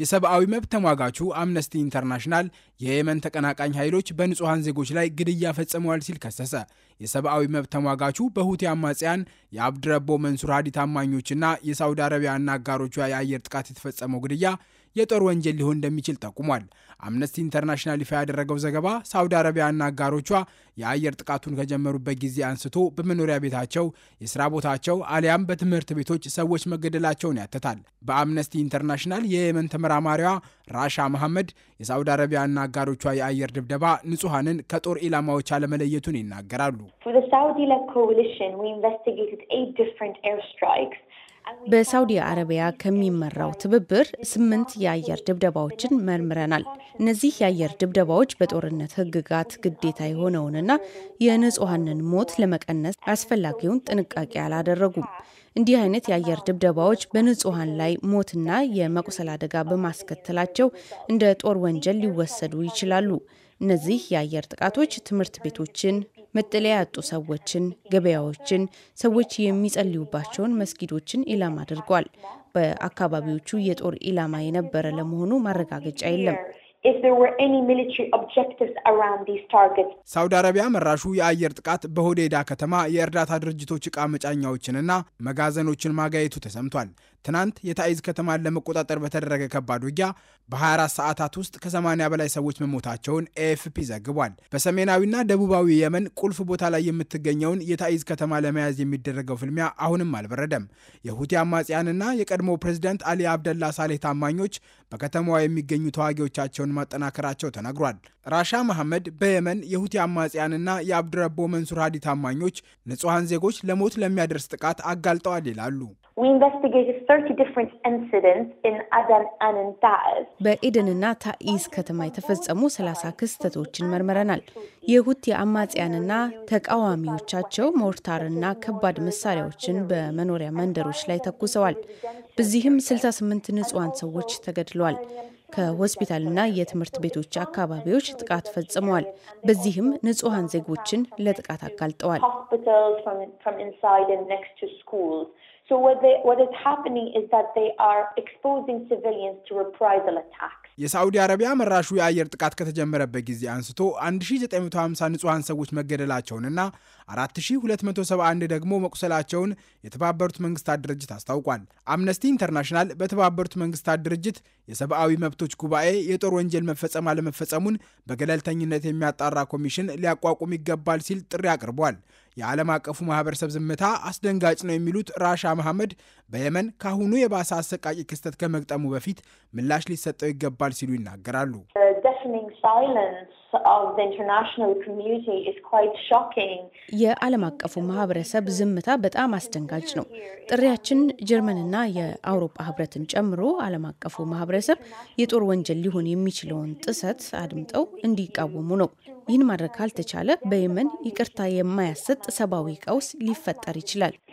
የሰብአዊ መብት ተሟጋቹ አምነስቲ ኢንተርናሽናል የየመን ተቀናቃኝ ኃይሎች በንጹሐን ዜጎች ላይ ግድያ ፈጽመዋል ሲል ከሰሰ። የሰብአዊ መብት ተሟጋቹ በሁቲ አማጽያን የአብድረቦ መንሱር ሀዲ ታማኞችና የሳውዲ አረቢያና አጋሮቿ የአየር ጥቃት የተፈጸመው ግድያ የጦር ወንጀል ሊሆን እንደሚችል ጠቁሟል። አምነስቲ ኢንተርናሽናል ይፋ ያደረገው ዘገባ ሳውዲ አረቢያና አጋሮቿ የአየር ጥቃቱን ከጀመሩበት ጊዜ አንስቶ በመኖሪያ ቤታቸው፣ የስራ ቦታቸው አሊያም በትምህርት ቤቶች ሰዎች መገደላቸውን ያተታል። በአምነስቲ ኢንተርናሽናል የየመን ተመራማሪዋ ራሻ መሐመድ የሳውዲ አረቢያና አጋሮቿ የአየር ድብደባ ንጹሐንን ከጦር ኢላማዎች አለመለየቱን ይናገራሉ። በሳውዲ አረቢያ ከሚመራው ትብብር ስምንት የአየር ድብደባዎችን መርምረናል። እነዚህ የአየር ድብደባዎች በጦርነት ሕግጋት ግዴታ የሆነውንና የንጹሐንን ሞት ለመቀነስ አስፈላጊውን ጥንቃቄ አላደረጉም። እንዲህ አይነት የአየር ድብደባዎች በንጹሐን ላይ ሞትና የመቁሰል አደጋ በማስከተላቸው እንደ ጦር ወንጀል ሊወሰዱ ይችላሉ። እነዚህ የአየር ጥቃቶች ትምህርት ቤቶችን፣ መጠለያ ያጡ ሰዎችን፣ ገበያዎችን፣ ሰዎች የሚጸልዩባቸውን መስጊዶችን ኢላማ አድርጓል። በአካባቢዎቹ የጦር ኢላማ የነበረ ለመሆኑ ማረጋገጫ የለም። ሳውዲ አረቢያ መራሹ የአየር ጥቃት በሆዴዳ ከተማ የእርዳታ ድርጅቶች ዕቃ መጫኛዎችንና መጋዘኖችን ማጋየቱ ተሰምቷል። ትናንት የታይዝ ከተማን ለመቆጣጠር በተደረገ ከባድ ውጊያ በ24 ሰዓታት ውስጥ ከ80 በላይ ሰዎች መሞታቸውን ኤኤፍፒ ዘግቧል። በሰሜናዊና ደቡባዊ የመን ቁልፍ ቦታ ላይ የምትገኘውን የታይዝ ከተማ ለመያዝ የሚደረገው ፍልሚያ አሁንም አልበረደም። የሁቲ አማጽያንና የቀድሞ ፕሬዚደንት አሊ አብደላ ሳሌህ ታማኞች በከተማዋ የሚገኙ ተዋጊዎቻቸውን ኃይላቸውን ማጠናከራቸው ተነግሯል። ራሻ መሐመድ በየመን የሁቲ አማጽያንና የአብድረቦ መንሱር ሀዲ ታማኞች ንጹሐን ዜጎች ለሞት ለሚያደርስ ጥቃት አጋልጠዋል ይላሉ። በኢድንና ታኢዝ ከተማ የተፈጸሙ 30 ክስተቶችን መርምረናል። የሁቲ አማጽያንና ተቃዋሚዎቻቸው ሞርታርና ከባድ መሳሪያዎችን በመኖሪያ መንደሮች ላይ ተኩሰዋል። በዚህም 68 ንጹሐን ሰዎች ተገድለዋል። ከሆስፒታልና የትምህርት ቤቶች አካባቢዎች ጥቃት ፈጽመዋል። በዚህም ንጹሐን ዜጎችን ለጥቃት አጋልጠዋል። የሳዑዲ አረቢያ መራሹ የአየር ጥቃት ከተጀመረበት ጊዜ አንስቶ 1950 ንጹሐን ሰዎች መገደላቸውንና 4271 ደግሞ መቁሰላቸውን የተባበሩት መንግስታት ድርጅት አስታውቋል። አምነስቲ ኢንተርናሽናል በተባበሩት መንግስታት ድርጅት የሰብአዊ መብት መብቶች ጉባኤ የጦር ወንጀል መፈጸም አለመፈጸሙን በገለልተኝነት የሚያጣራ ኮሚሽን ሊያቋቁም ይገባል ሲል ጥሪ አቅርቧል። የዓለም አቀፉ ማህበረሰብ ዝምታ አስደንጋጭ ነው የሚሉት ራሻ መሐመድ በየመን ካሁኑ የባሰ አሰቃቂ ክስተት ከመግጠሙ በፊት ምላሽ ሊሰጠው ይገባል ሲሉ ይናገራሉ። የዓለም አቀፉ ማህበረሰብ ዝምታ በጣም አስደንጋጭ ነው። ጥሪያችን ጀርመንና የአውሮፓ ህብረትን ጨምሮ ዓለም አቀፉ ማህበረሰብ የጦር ወንጀል ሊሆን የሚችለውን ጥሰት አድምጠው እንዲቃወሙ ነው። ይህን ማድረግ ካልተቻለ በየመን ይቅርታ የማያሰጥ ሰብአዊ ቀውስ ሊፈጠር ይችላል።